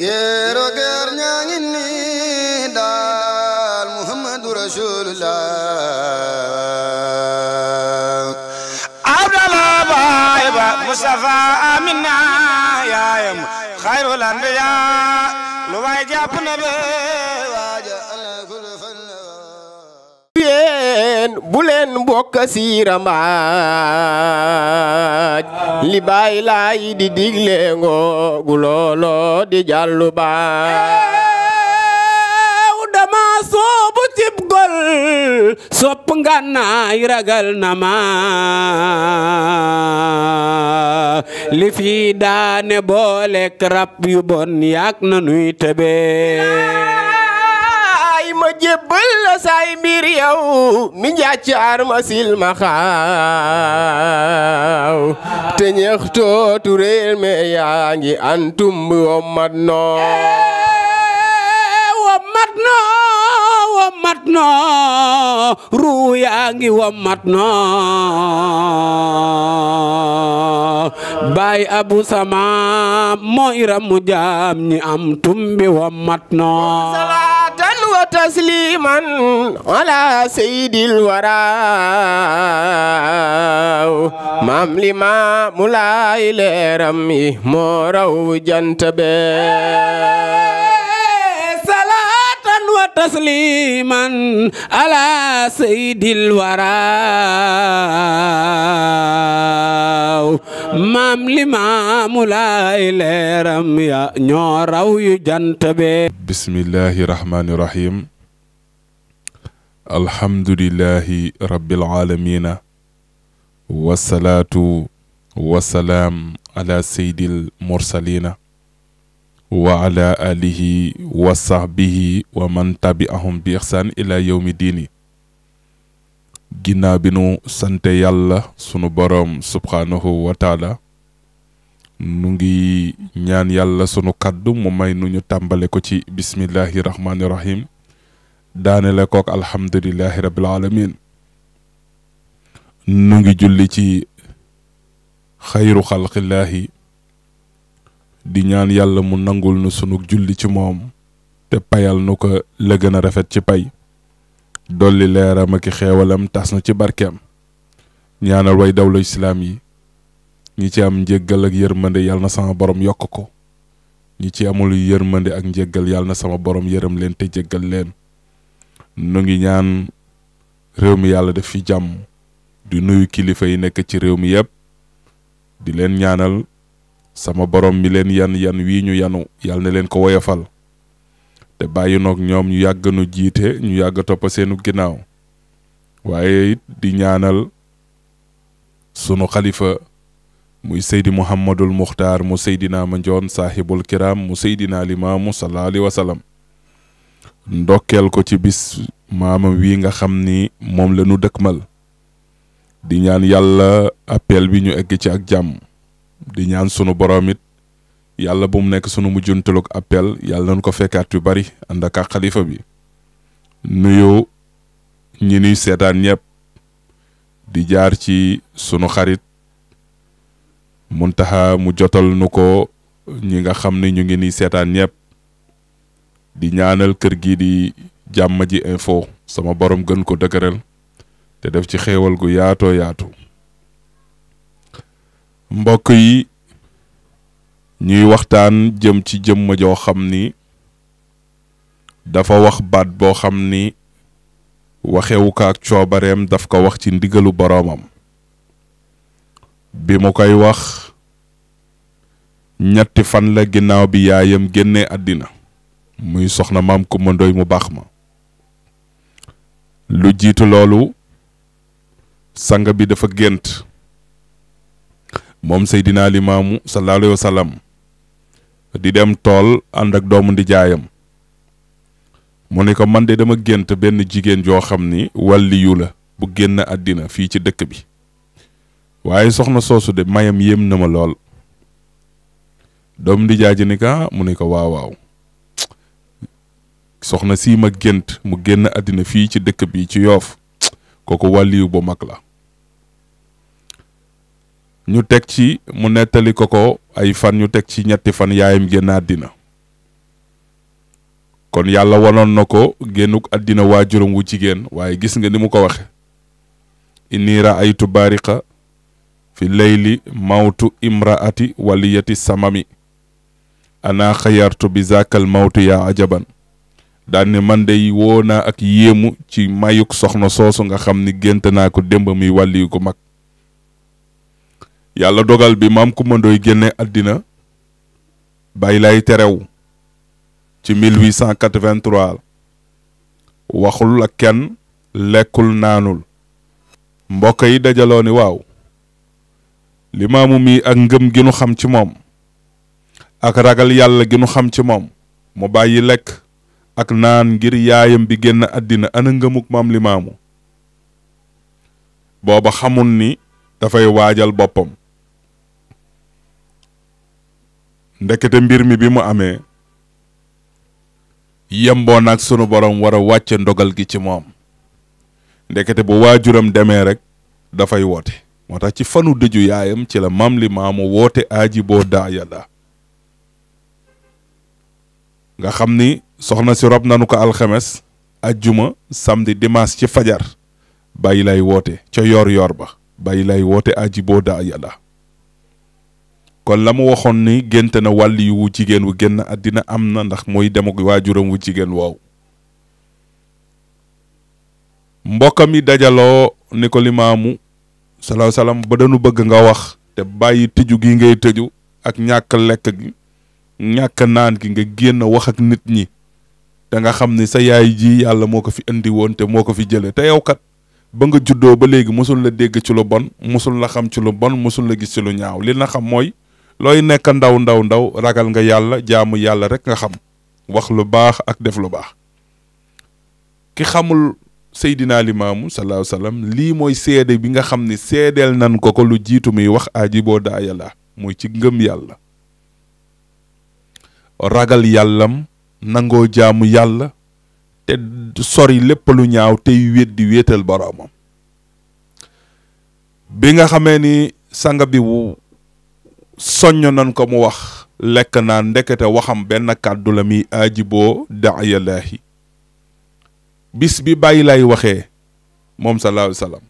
géero géer ñaa ngi nii daal muhammadu rasulullah abdallah baay ba mustafa amina yaayam xayrul anbiya lu waay jàpp na bee kasiira maaj li baay laay di digle ngoogu loolo di jàllu baaw dama soobu cib gol sopp ngànnaay ragal na ma li fi daane boolek rab yu bon yaak na nuy tebe ma jébbal la say mbir yow mi njàccaar ma silmaxaaw te ñextoo tureel me yaa ngi antumb wommat noo eh, wommat noo wommat noo ruu yaa ngi wommat noo baay abu sama mooy ramu jaam ñi am tumbi wommat noo تسليما على سيد الورى maam li ma mu laay leeram yi moo raw jant be salaatan wa tasliman ala sayyidil waraaw maam li ma mu laay leeram ya ñoo raw yu jant be bismillahi rahmani rahim alhamdulilahi rabbil aalamiina wasalaatu wasalaam ala sayyidil mursaliina wa ala alihi wa sahbihi wa man tabi'ahum bi ihsaan ila yawmi diini ginnaaw sante yàlla sunu borom subhaanahu wa taala ngi ñaan yàlla sunu kàddu mu may nu ñu ko ci bismillahi rahmaani rahim daane la kook alhamdulillahi rabbil alamin nu ngi julli ci xayru xalqillaahi di ñaan yàlla mu nangul nu sunug julli ci moom te payal nu ko la gën a rafet ci pay dolli leeram ak xeewalam tas na ci barkeem ñaanal way dawla islaam yi ñi ci am njéggal ak yërmande yàlla na sama borom yokk ko ñi ci amul yërmande ak njéggal yàlla na sama borom yërëm leen te jéggal leen nu ngi ñaan réew mi yàlla def fi jàmm di nuyu kilifa yi nekk ci réew mi yëpp di leen ñaanal sama boroom mi leen yan yan wii ñu yanu yàlla na leen ko woyofal te bàyyi noog ñoom ñu yàgg nu jiite ñu yàgg topp seenu ginnaaw waaye it di ñaanal sunu xalifa muy seydi muhammadul muxtaar mu seydinaa ma njoon saahibul kiram mu seydinaa limaamu sallallahu wasalam ndokkeel ko ci bis maamam wi nga xam ni moom la dëkk mal di ñaan yàlla appel bi ñu egg ci ak jàmm di ñaan sunu borom yàlla bu mu nekk sunu mujjuntalug appel yàlla nañ ko fekkaat yu bari ànd ak xalifa bi nuyu ñi ni seetaan ñëpp di jaar ci sunu xarit muntaxa mu jotal nu ko ñi nga xam ne ñu ngi nuy seetaan ñëpp. di ñaanal kër gi di jàmm ji info sama borom gën ko dëgëral te def ci xewal gu yaatoo yaatu mbokk yi ñuy waxtaan jëm ci jëmm joo xam ni dafa wax baat boo xam ni waxewu ko coobareem daf ko wax ci ndigalu boroomam bi mu koy wax ñetti fan la ginnaaw bi yaayam génne àddina muy soxna maam Kumba Ndoy mu baax ma lu jiitu loolu sang bi dafa gént moom Seydina Limaamu sallallahu alayhi wa sallam di dem tool ànd ak doomu ndijaayam mu ne ko man de dama gént benn jigéen joo xam ni wàlliyu la bu génn àddina fii ci dëkk bi waaye soxna soosu de mayam yéem na ma lool doomu ndijaay ji ni ah, mu ne ko waaw waaw soxna sii ma gént mu génn àddina fii ci dëkk bi ci yoof kooku wàlliyu bu mag la ñu teg ci mu nettali ko ko ay fan ñu teg ci ñetti fan yaayam génn àddina kon yàlla wanoon na ko génnuk àddina waajuram wu jigéen waaye gis nga ni mu ko waxe inni raaytu baariqa fi leyli mawtu imraati waliyati samami ana xayartu bi zakal mawtu yaa ajaban daan ne man day woo naa ak yéemu ci mayuk soxna soosu nga xam ni gént naa ko démb muy wàlliyu ko mag yàlla dogal bi maam Kumba Ndoye génne àddina bàyyi lay terew ci 1883 waxul a kenn lekkul naanul mbokk yi dajaloo ni waaw limaamu mi ak ngëm gi xam ci moom ak ragal yàlla gi xam ci moom mu bàyyi lekk ak naan ngir yaayam bi génn àddina ana ngëmuk maam limaamu booba xamul ni dafay waajal boppam ndekete mbir mi bi mu amee yemboo naag sunu borom wara wàcce ndogal gi ci moom ndekete bu waajuram demee rek dafay woote moo ci fanu dëju yaayam ci la maam li maamu woote aaji boo daaya da nga xam ni soxna si rob nanu ko alxames ajjuma samedi dimanche ci fajar bàyyi lay woote ca yoor yoor ba bàyyi lay woote aji boo daa yàlla kon la mu waxoon ni gént na wàlli wu jigéen wu génn àddina am na ndax mooy dem ak waajuram wu jigéen woow mbokkam yi dajaloo ni ko limaamu salaahu salaam ba danu bëgg nga wax te bàyyi tëju gi ngay tëju ak ñàkk lekk gi ñàkk naan gi nga génn wax ak nit ñi te nga xam ni sa yaay jii yàlla moo ko fi indi woon te moo ko fi jëlee te yow kat ba nga juddoo ba léegi mësul la dégg ci lu bon mësul la xam ci lu bon mësul la gis ci lu ñaaw li na xam mooy looy nekk ndaw ndaw ndaw ragal nga yàlla jaamu yàlla rek nga xam wax lu baax ak def lu baax ki xamul Seydina Limaamu salaahu salaam lii mooy seede bi nga xam ni seedeel nan ko ko lu jiitu muy wax aji boo daaya mooy ci ngëm yàlla ragal yàllam nangoo jaamu yàlla te sori lépp lu ñaaw tey wéet di wéetal boroomam bi nga xamee ni sanga bi soññ nañ ko mu wax lekk naa ndekete waxam benn kàddu la mi aajiboo daayalaahi bis bi bàyyi lay waxee moom sallallahu alayhi wasallam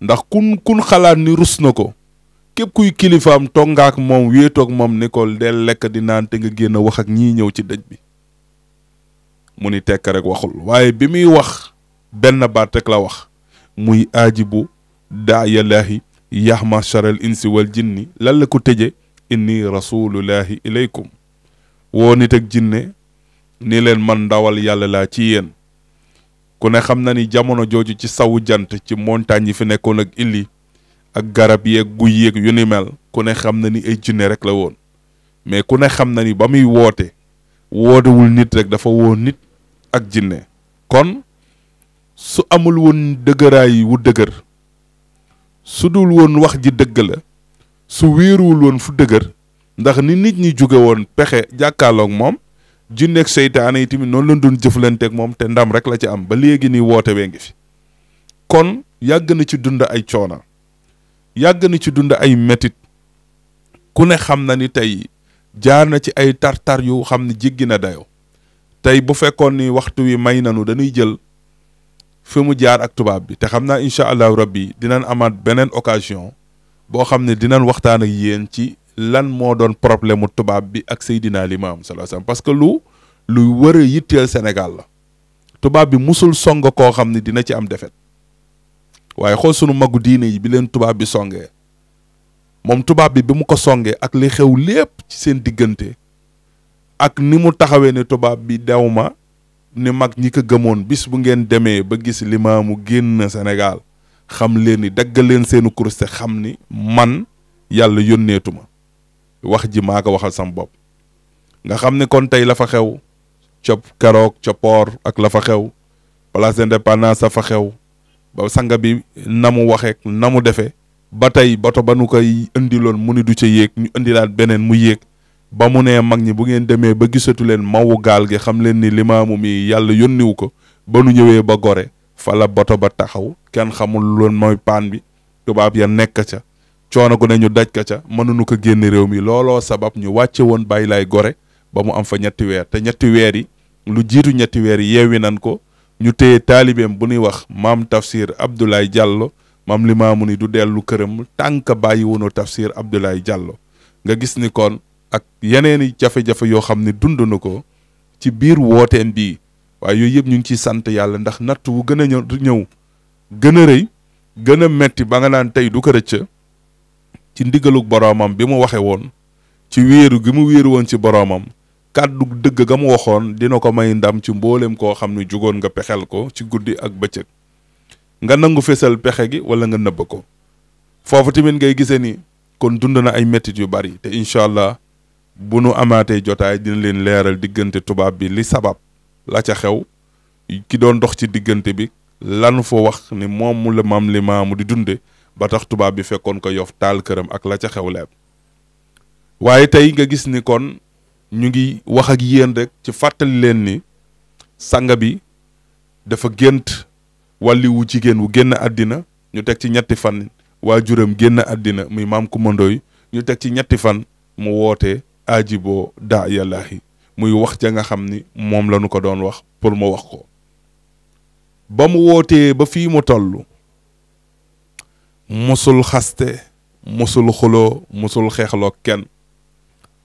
ndax kun kun xalaat ni rus na ko képp kuy kilifaam toog nga ak moom wéetoog moom ni ko del lekk di naan te nga génn wax ak ñii ñëw ci dëj bi mu ni tekk rek waxul waaye bi muy wax benn baat rek la wax muy aajibu daayalaahi yaah macharal insi wal jinni lan la ko tëje inni rasulullahi ilaykum woo nit ak jinne ni leen man ndawal yàlla laa ci yéen ku ne xam na ni jamono jooju ci sawu jant ci montagne yi fi nekkoon ak illi ak garab yeeg guy yeeg yu ni mel ku ne xam na ni ay jinne rek la woon mais ku ne xam na ni ba muy woote wootewul nit rek dafa woo nit ak jinne kon su amul woon dëgëraay wu dëgër su dul woon wax ji dëgg la su wéeruwul woon fu dëgër ndax ni nit ñi jóge woon pexe jàkkaarloog moom jinneeg seytaane yi tamit noonu lañ dun jëflanteeg moom te ndam rek la ci am ba léegi ni woote wee ngi fi kon yàgg na ci dund ay coona yàgg na ci dund ay metit ku ne xam na ni tey jaar na ci ay tartar yu xam ne jéggi na dayoo tey bu fekkoon ni waxtu wi may nanu dañuy jël fi mu jaar ak tubaab bi te xam naa incha allahu rabbi dinañ amaat beneen occasion boo xam ne dinañ waxtaan ak yéen ci lan moo doon problème mu tubaab bi ak Seydina Limaam sallallahu alayhi wasallam parce que lu lu wër a yitteel Sénégal la tubaab bi musul song koo xam ne dina ci am defet waaye xool sunu magu diine yi bi leen tubaab bi songee moom tubaab bi bi mu ko songee ak li xew lépp ci seen diggante ak ni mu taxawee ne tubaab bi dew ma ni mag ñi ko gëmoon bis bu ngeen demee ba gis mu génn Sénégal xam leen ni daggal leen seenu kurus te xam ni man yàlla yónneetu ma wax ji maa ko waxal sam bopp nga xam ne kon tey la fa xew ca keroog ca ak la fa xew place d'indépendance la fa xew ba sanga bi na mu waxeek na mu defee ba tey boto ba nu koy indiloon mu ni du ca yéeg ñu indilaat beneen mu yéeg ba mu nee mag ñi bu ngeen demee ba gisatu leen mawu gaal gi xam leen ni limaamu mi yàlla yónniwu ko ba nu ñëwee ba gore fala boto ba taxaw kenn xamul loon mooy paan bi tubaab ya nekk ca coono gu ne ñu daj ka ca mënuñu ko génn réew mi looloo sabab ñu wàcce woon bàyyi laay gore ba mu am fa ñetti weer te ñetti weer yi lu jiitu ñetti weer yi yeewi nan ko ñu téye taalibeem bu nuy wax maam tafsir Abdoulaye jàllo maam limaamu ni du dellu këram tànk bàyyi wunoo tafsir Abdoulaye Diallo nga gis ak yeneen i jafe-jafe yoo xam ne dund na ko ci biir wooteem bii waaye yooyu yëpp ñu ngi ciy sant yàlla ndax natt wu gën a ñëw gën a rëy gën a metti ba nga naan tey du ko rëcc ci ndigalug boromam bi mu waxe woon ci wéeru gi mu wéeru woon ci boroomam kàddu dëgg ga mu waxoon dina ko may ndam ci mbooleem koo xam ne jógoon nga pexel ko ci guddi ak bëccëg nga nangu fesal pexe gi wala nga nëbb ko foofu tamit ngay gisee ni kon dund na ay mettit yu bari te incha bu nu amaatee jotaay dina leen leeral diggante tubaab bi li sabab la ca xew ki doon dox ci diggante bi lanu fa wax ni moom mu la maam li maamu di dunde ba tax tubaab bi fekkoon ko yof taal këram ak la ca xew leeb waaye tey nga gis ni kon ñu ngi wax ak rek ci fàttali leen ni sanga bi dafa gént wàlli wu jigéen wu génn àddina ñu teg ci ñetti fan waa waajuram génn àddina muy maam kumandooy ñu teg ci ñetti fan mu wootee ajiboo daa yàllaahi muy wax ca nga xam ni moom la ko doon wax pour mu wax ko ba mu wootee ba fii mu tollu musul xaste musul xuloo musul xeexlook kenn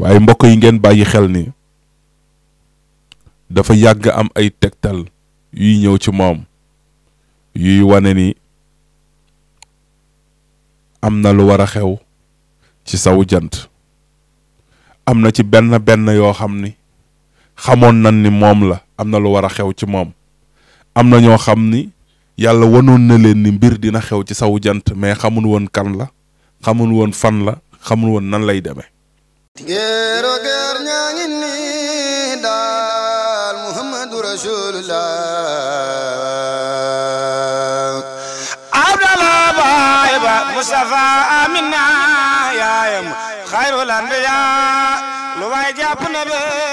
waaye mbokk yi ngeen bàyyi xel ni dafa yàgg am ay tegtal yuy ñëw ci moom yuy wane ni am na lu war a xew ci saw jant am na ci benn benn yoo xam ni xamoon nan ni moom la am na lu war a xew ci moom am na ñoo xam ni yàlla wanoon na leen ni mbir dina xew ci sawu jant mais xamun woon kan la xamun woon fan la xamun woon nan lay demee. géero géer ñaa ngi nii daal Muhammadu Rasulullah Abdallah baay ba Mustafa Amina yaayam xayrul anbiyaa lu waay jàpp na ba